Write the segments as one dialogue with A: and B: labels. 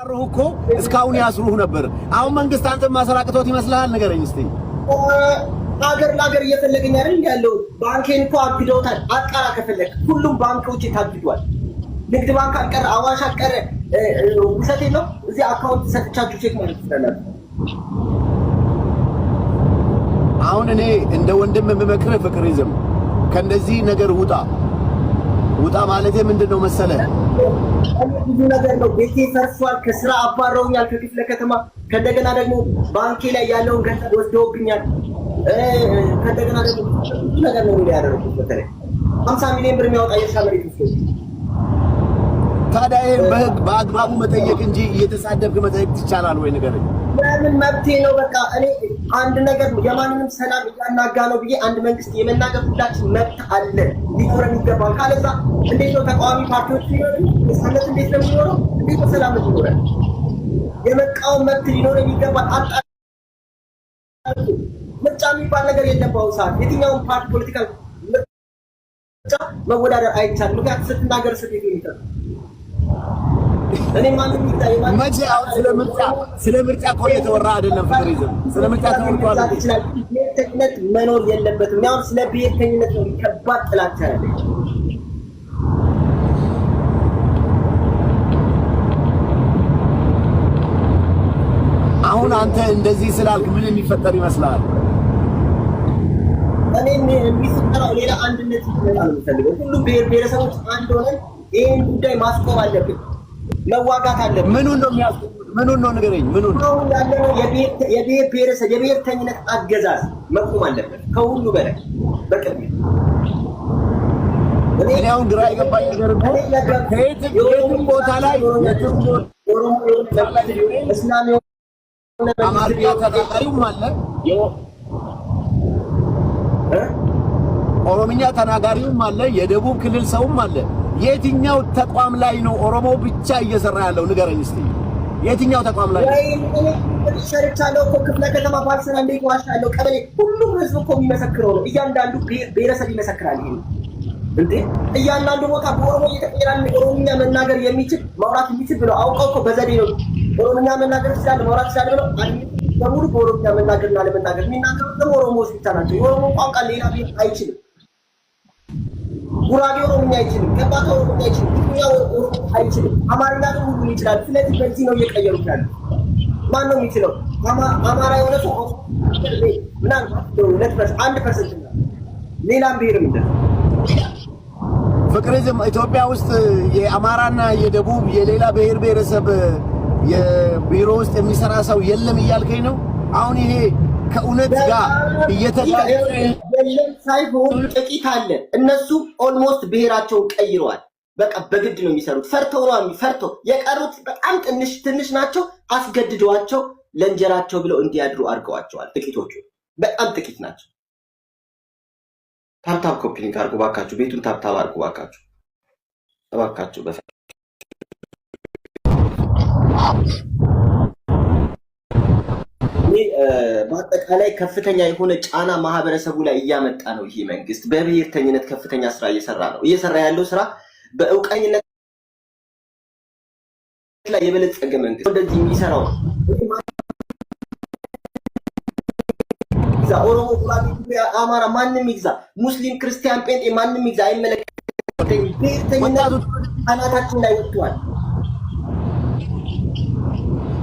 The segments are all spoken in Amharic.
A: ያስፈራሩህ እኮ እስካሁን ያስሩህ ነበር። አሁን መንግስት አንተ ማሰራቅቶት ይመስልሃል? ንገረኝ እስቲ።
B: አገር ለአገር እየፈለገኝ አይደል እንዴ ያለው? ባንኬን እኮ አግደውታል። አጣራ ከፈለግ ሁሉም ባንኮች ታግዷል። ንግድ ባንክ አቀረ፣ አዋሽ አቀረ። ውሸት ነው እዚህ አካውንት ሰጥቻችሁ ቼክ ማለት ይችላል
A: አሁን እኔ እንደ ወንድም የምመክርህ ፍቅር ይዝም ከእንደዚህ ነገር ውጣ። ውጣ ማለቴ ምንድን ነው መሰለ፣
B: ብዙ ነገር ነው። ቤቴ ፈርሷል፣ ከስራ አባረውኛል፣ ከክፍለ ከተማ ከእንደገና ደግሞ ባንኬ ላይ ያለውን ገንዘብ ወስደውብኛል። ከእንደገና ደግሞ ብዙ ነገር ነው ያደረጉት። በተለይ ሀምሳ ሚሊዮን ብር የሚያወጣ የእርሻ መሬት ውስጥ
A: ታዲያ ይህን በህግ በአግባቡ መጠየቅ እንጂ እየተሳደብክ መጠየቅ ትቻላል ወይ? ንገረኝ።
B: ለምን መብቴ ነው። በቃ እኔ አንድ ነገር የማንንም ሰላም እያናጋ ነው ብዬ አንድ መንግስት የመናገር ሁላችን መብት አለ፣ ሊኖረን ይገባል። ካለዛ እንዴት ነው ተቃዋሚ ፓርቲዎች ሊኖሩ? ነጻነት እንዴት ነው የሚኖረው? እንዴት ነው ሰላም ሊኖረ የመቃወም መብት ሊኖረን ይገባል። አጣ ምርጫ የሚባል ነገር የለም። በአሁኑ ሰዓት የትኛውን ፓርቲ ፖለቲካል ምርጫ መወዳደር አይቻልም። ምክንያት ስትናገር ስት የሚጠ
A: መቼ አሁን ስለ ምርጫ እኮ እየተወራ አይደለም። ፍቅር ይዘን ስለ ምርጫ
B: ብሔርተኝነት መኖር የለበትም። አሁን ስለ ብሔርተኝነት ነው። ከባድ ጥላቻ ያለች
A: አሁን አንተ እንደዚህ ስላልክ ምን የሚፈጠር ይመስላል?
B: እኔ የሚፈጠረው ሌላ አንድነት ይመጣል። ሁሉም ብሔር ብሔረሰቦች አንድ ሆነን ይህን ጉዳይ ማስቆም አለብን። መዋጋት አለ።
A: ምኑን ነው የሚያስቆሙት? ምኑን ነው ንገረኝ። ምኑን
B: ያለነው የብሔር ብሔረሰብ የብሔርተኝነት አገዛዝ መቆም አለበት ከሁሉ በላይ በቅድሚያ።
A: እኔ አሁን ግራ የገባኝ ነገር እኮ የትም ቦታ ላይ እስላም ኦሮምኛ ተናጋሪውም አለ የደቡብ ክልል ሰውም አለ የትኛው ተቋም ላይ ነው ኦሮሞ ብቻ እየሰራ ያለው? ንገረኝ እስቲ። የትኛው ተቋም ላይ
B: ሰርቻለሁ እኮ ክፍለ ከተማ ፓርሰና እንዴት ዋሻለሁ? ቀበሌ ሁሉም ህዝብ እኮ የሚመሰክረው ነው። እያንዳንዱ ብሔረሰብ ይመሰክራል። ይሄ እንዴ እያንዳንዱ ቦታ በኦሮሞ እየተቀየራን ኦሮምኛ መናገር የሚችል ማውራት የሚችል ብለው አውቀው እኮ በዘዴ ነው ኦሮምኛ መናገር ማውራት ብለው በሙሉ በኦሮምኛ መናገርና ለመናገር የሚናገሩ ናቸው። የኦሮሞ ቋንቋ ሌላ አይችልም። ጉራጌ ኦሮምኛ አይችልም፣ ገባቶ ኦሮምኛ አይችልም፣ ትግርኛ አይችልም፣ አማርኛ ግን ሁሉ ይችላል። ስለዚህ በዚህ ነው እየቀየሩት ያሉ። ማን ነው የሚችለው? አማራ የሆነ ሰው ምናምን አንድ ፐርሰንት ነው። ሌላም ብሄርም እንደ
A: ፍቅሪዝም ኢትዮጵያ ውስጥ የአማራና የደቡብ የሌላ ብሄር ብሄረሰብ የቢሮ ውስጥ የሚሰራ ሰው የለም እያልከኝ ነው አሁን ይሄ ከእውነት ጋር
B: እየተየለም ሳይሆን ጥቂት አለ። እነሱ ኦልሞስት ብሔራቸውን ቀይረዋል። በቃ በግድ ነው የሚሰሩት። ፈርተው ነው የሚፈርተው። የቀሩት በጣም ትንሽ ትንሽ ናቸው። አስገድደዋቸው ለእንጀራቸው ብለው እንዲያድሩ አድርገዋቸዋል። ጥቂቶቹ በጣም ጥቂት ናቸው።
A: ታብታብ ኮፒሊንግ አድርጉ ባካችሁ፣ ቤቱን ታብታብ አድርጉ እባካችሁ በፈ
B: በአጠቃላይ ከፍተኛ የሆነ ጫና ማህበረሰቡ ላይ እያመጣ ነው። ይሄ መንግስት በብሔርተኝነት ከፍተኛ ስራ እየሰራ ነው። እየሰራ ያለው ስራ በእውቀኝነት ላይ የበለጸገ መንግስት ወደዚህ የሚሰራው ኦሮሞ፣ አማራ ማንም ይግዛ፣ ሙስሊም፣ ክርስቲያን፣ ጴንጤ ማንም ይግዛ አይመለከተኝም። ብሔርተኝነት አናታችን ላይ ወጥቷል።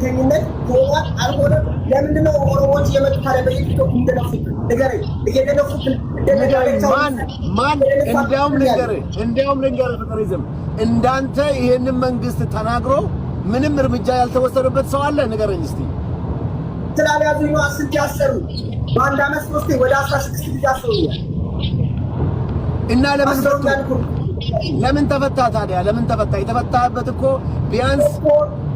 B: ብሔርተኝነት መውጣት አልሆነም። ለምንድን ኦሮሞዎች የመጡት በየቲክቶክ እንደነፉት ንገረኝ፣ እየደነፉት
A: እንዲያውም ልንገርህ እንዲያውም ልንገርህ ፍቅር እንዳንተ ይህንን መንግስት ተናግሮ ምንም እርምጃ ያልተወሰደበት ሰው አለ? ንገረኝ እስቲ።
B: ስላልያዙ ነው አስር ጊዜ በአንድ አመት ሶስቴ ወደ አስራ ስድስት ጊዜ አሰሩኛል። እና ለምን ለምን ተፈታ ታዲያ? ለምን ተፈታ? የተፈታህበት እኮ ቢያንስ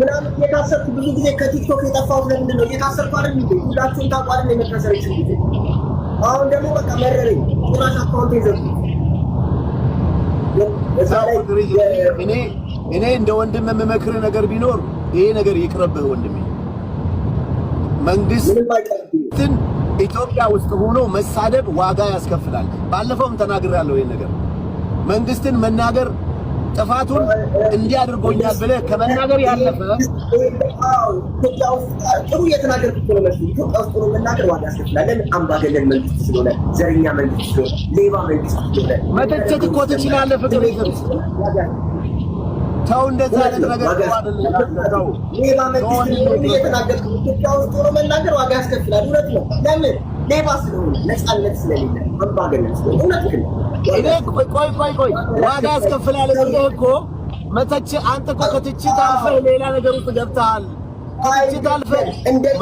B: ምናምን የታሰርኩ ብዙ ጊዜ ከቲክቶክ የጠፋሁት ለምንድን ነው? እየታሰርኩ አይደል እንዴ? ሁላችሁም ታቋል ጊዜ። አሁን ደግሞ በቃ መረረኝ። ጭራሽ አካውንት ይዘጉ። እኔ እኔ እንደ ወንድም ነገር ቢኖር ይሄ ነገር ወንድሜ። መንግስትን ኢትዮጵያ ውስጥ ሆኖ መሳደብ ዋጋ ያስከፍላል። ባለፈውም ተናግሬያለሁ ይሄን ነገር መንግስትን መናገር ጥፋቱን እንዲያድርጎኛል ብለህ ከመናገር ያለፈ ኢትዮጵያ ውስጥ ጥሩ እየተናገርክ ኢትዮጵያ ውስጥ ጥሩ መናገር ዋጋ ያስከፍላለን። አምባገለን መንግስት ስለሆነ፣ ዘረኛ መንግስት ስለሆነ፣ ሌባ መንግስት ስለሆነ መተቸት እኮ ትችላለህ። ፍቅር ይዘህ ሰው እንደዛ አይነት ነገር ሌባ መንግስት እየተናገርክ ኢትዮጵያ ውስጥ ጥሩ መናገር ዋጋ ያስከፍላል። እውነት ነው። ለምን ሌባ ስለሆነ ነፃነት ስለሌለ አምባገነን ስለሆነ እውነትህን ቆይ ቆይ ቆይ ዋጋ አስከፍላል ስልህ እኮ መተች አንተ እኮ ከትችት አልፈህ ሌላ ነገር ውስጥ ገብተሃል። ከትችት አልፈህ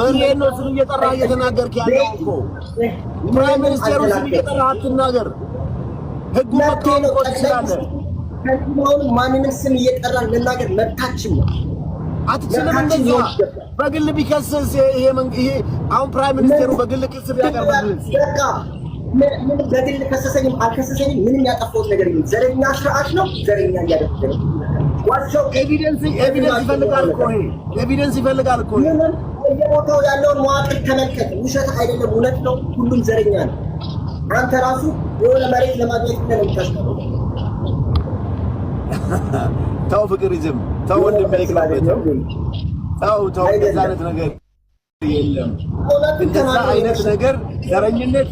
B: መሪዬን ነው ስም እየጠራህ እየተናገርክ ያለው እኮ ፕራይም ሚኒስቴሩ ስም እየጠራህ አትናገር። ህጉ መጥቶ እኮ ትችላለህ። ከዚህ ማንንም ስም እየጠራህ ልናገር መብታችን ነው። አትችልም። እንደዛ በግል ቢከስስ ይሄ አሁን ፕራይም ሚኒስቴሩ በግል ክስ ቢያቀርብልህ በግል ከሰሰኝም አልከሰሰኝም ምንም ያጠፋሁት ነገር የለም። ዘረኛ ስርዓት ነው። ዘረኛ እያደረገ ኤቪደንስ ኤቪደንስ ይፈልጋል እኮ ኤቪደንስ ይፈልጋል እኮ የቦታው ያለውን መዋቅር ተመልከት። ውሸት አይደለም፣ እውነት ነው። ሁሉም ዘረኛ ነው። አንተ ራሱ የሆነ መሬት ለማግኘት ነው የምታስቀሩ ተው ይዝም ተው ወንድም ተው ተው። እንደዛ አይነት ነገር የለም። እንደዛ አይነት ነገር ዘረኝነት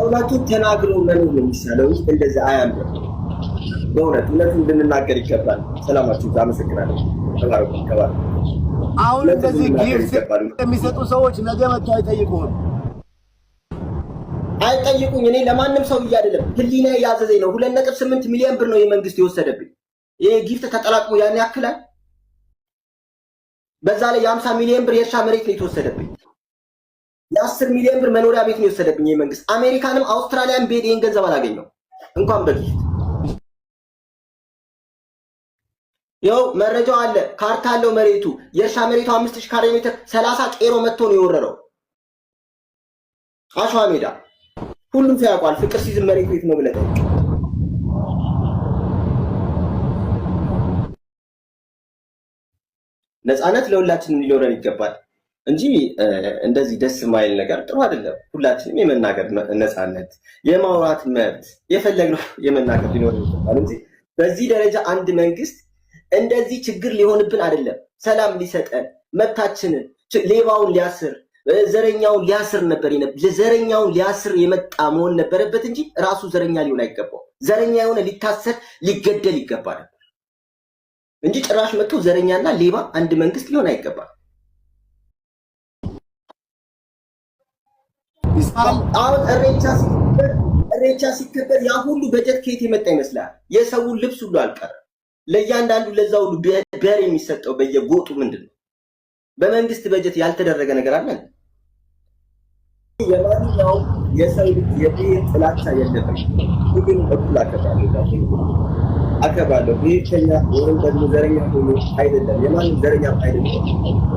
B: እውነቱ ተናግሮ ነው የሚሻለው። እንደዛ አያለ በእውነት እውነቱ እንድንናገር ይገባል። ሰላማችሁ አመሰግናለሁ። አሁን እንደዚህ ጊፍት የሚሰጡ ሰዎች ነገ መጥተው አይጠይቁም አይጠይቁኝ። እኔ ለማንም ሰው እያደለም ህሊና ያዘዘኝ ነው። ሁለት ነጥብ ስምንት ሚሊዮን ብር ነው የመንግስት የወሰደብኝ ይሄ ጊፍት ተጠላቅሞ ያን ያክላል። በዛ ላይ የአምሳ ሚሊዮን ብር የእርሻ መሬት ነው የተወሰደብኝ። የአስር ሚሊዮን ብር መኖሪያ ቤት ነው የወሰደብኝ ይህ መንግስት። አሜሪካንም አውስትራሊያን ቤድ ይህን ገንዘብ አላገኘው እንኳን በጊፍት ይኸው መረጃው አለ፣ ካርታ አለው። መሬቱ የእርሻ መሬቱ አምስት ሺህ ካሬ ሜትር ሰላሳ ቄሮ መጥቶ ነው የወረረው። አሸዋ ሜዳ ሁሉም ሰው ያውቋል። ፍቅር ሲዝም መሬት ቤት ነው ብለህ ነፃነት ለሁላችንም ሊኖረን ይገባል እንጂ እንደዚህ ደስ የማይል ነገር ጥሩ አይደለም። ሁላችንም የመናገር ነፃነት፣ የማውራት መብት፣ የፈለግነው የመናገር ሊኖረን ይገባል እንጂ በዚህ ደረጃ አንድ መንግስት እንደዚህ ችግር ሊሆንብን አይደለም። ሰላም ሊሰጠን መብታችንን ሌባውን ሊያስር ዘረኛውን ሊያስር ነበር ዘረኛውን ሊያስር የመጣ መሆን ነበረበት እንጂ ራሱ ዘረኛ ሊሆን አይገባው። ዘረኛ የሆነ ሊታሰር ሊገደል ይገባል። እንጂ ጭራሽ መጥቶ ዘረኛና ሌባ አንድ መንግስት ሊሆን አይገባል። አሁን እሬቻ ሲከበር ያ ሁሉ በጀት ከየት የመጣ ይመስላል? የሰውን ልብስ ሁሉ አልቀረ ለእያንዳንዱ ለዛ ሁሉ በር የሚሰጠው በየጎጡ ምንድን ነው? በመንግስት በጀት ያልተደረገ ነገር አለ? የማንኛው የሰው ልጅ ጥላቻ የለበት። ግን እኩል አከባለ አከብራለሁ። ብሔርተኛ ወይም ደግሞ ዘረኛ ሆኖ አይደለም፣ የማንም ዘረኛ አይደለም።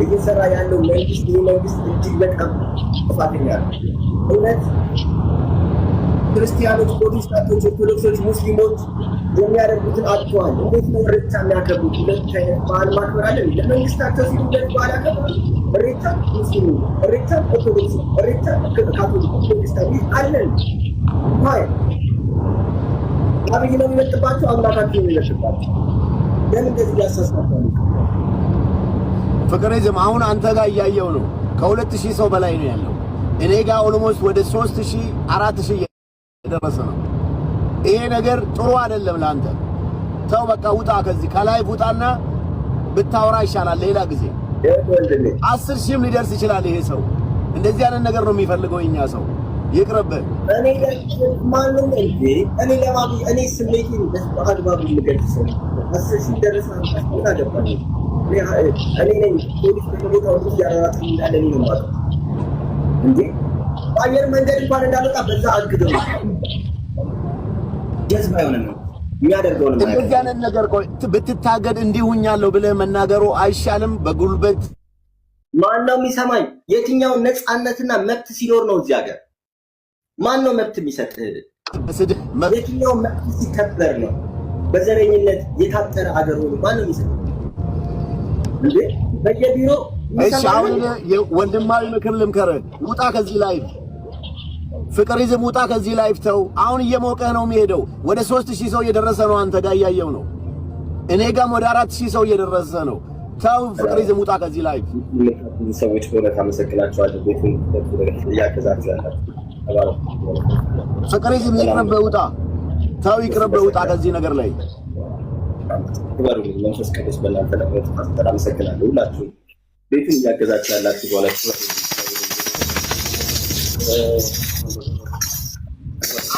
B: እየሰራ ያለው መንግስት፣ ይህ መንግስት እጅግ በጣም ጥፋተኛ ነው። እውነት ክርስቲያኖች፣ ፕሮቴስታንቶች፣ ኦርቶዶክሶች፣ ሙስሊሞች የሚያደርጉትን አጥተዋል። እንዴት ነው እሬቻ የሚያከብሩት? ሁለት አይነት በዓል ማክበር አለ። ለመንግስታቸው ሲሉ ሁለት በዓል ያከብራሉ። ሬቻ ሙስሊሙ፣ ሬቻ ኦርቶዶክስ፣ ሬቻ ካቶሊክ፣ ፕሮቴስታንት አለን ይ አብይ ነው የሚበልጥባቸው፣ አምላካቸው ነው የሚበልጥባቸው። ለምን እንደዚህ ያሳስባቸው? ፍቅሬ ዝም አሁን አንተ ጋር እያየው ነው። ከሁለት ሺህ ሰው በላይ ነው ያለው። እኔ ጋር ኦልሞስት ወደ ሶስት ሺህ አራት ሺህ ነው። ይሄ ነገር ጥሩ አይደለም ለአንተ። ተው በቃ ውጣ፣ ከዚህ ከላይ ውጣና ብታወራ ይሻላል። ሌላ ጊዜ አስር ሺህም ሊደርስ ይችላል። ይሄ ሰው እንደዚህ አይነት ነገር ነው የሚፈልገው የኛ ሰው ይቅርብህ። እኔ ማንም እኔ እኔ ስሜቴን በአግባቡ አስር ሺህ ደረሰ እኔ ነኝ ፖሊስ ያራራት እንዳለ ነው ማለት እንዴ አየር መንገድ እንኳን እንዳልወጣ በዛ ጀዝባ የሆነ ነው። እንደዚህ አይነት ነገር ቆይ ብትታገድ እንዲሁኛለሁ ብለህ መናገሩ አይሻልም? በጉልበት ማን ነው የሚሰማኝ? የትኛውን ነፃነትና መብት ሲኖር ነው እዚህ ሀገር ማን ነው መብት የሚሰጥህ? የትኛው መብት ሲከበር ነው? በዘረኝነት የታጠረ ሀገር ሆኖ ማን ነው የሚሰጥህ? እንዴ በየቢሮ እሺ፣ ወንድማዊ ምክር ልምከርህ። ውጣ ከዚህ ላይ ፍቅሪዝም ውጣ ከዚህ ላይፍ ተው። አሁን እየሞቀህ ነው የሚሄደው። ወደ ሶስት ሺህ ሰው እየደረሰ ነው። አንተ ጋር እያየው ነው። እኔ ጋም ወደ አራት ሺህ ሰው እየደረሰ ነው። ተው ፍቅሪዝም ውጣ ከዚህ ላይፍ። ሰዎች በእውነት አመሰግናቸዋለሁ። ቤቱን እያገዛችሁ ያላችሁ ፍቅር ይዝም ይቅርብህ፣ ውጣ ተው፣ ውጣ ከዚህ ነገር ላይ ባሩልኝ። መንፈስ ቅዱስ በእናንተ ደግሞ ተፈጠረ። አመሰግናለሁ ሁላችሁ ቤትን እያገዛችሁ ያላችሁ በኋላ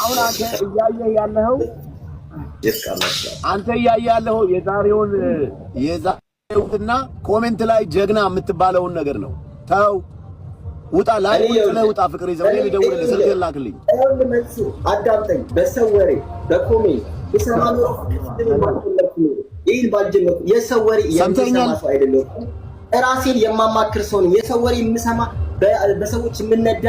B: አሁን አንተ ያለኸው አንተ ያለኸው የዛሬውን የዛሬውትና ኮሜንት ላይ ጀግና የምትባለውን ነገር ነው። ተው ውጣ ላይ ላይ ውጣ ፍቅር ይዘው እኔ የሚደውልልህ ስልክ ላክልኝ። አዳምጠኝ። በሰው ወሬ በኮሜንት የሰው ወሬ የምሰማ ሰው አይደለሁም። እራሴን የማማክር ሰው ነኝ። የሰው ወሬ የምሰማ በሰዎች የምነዳ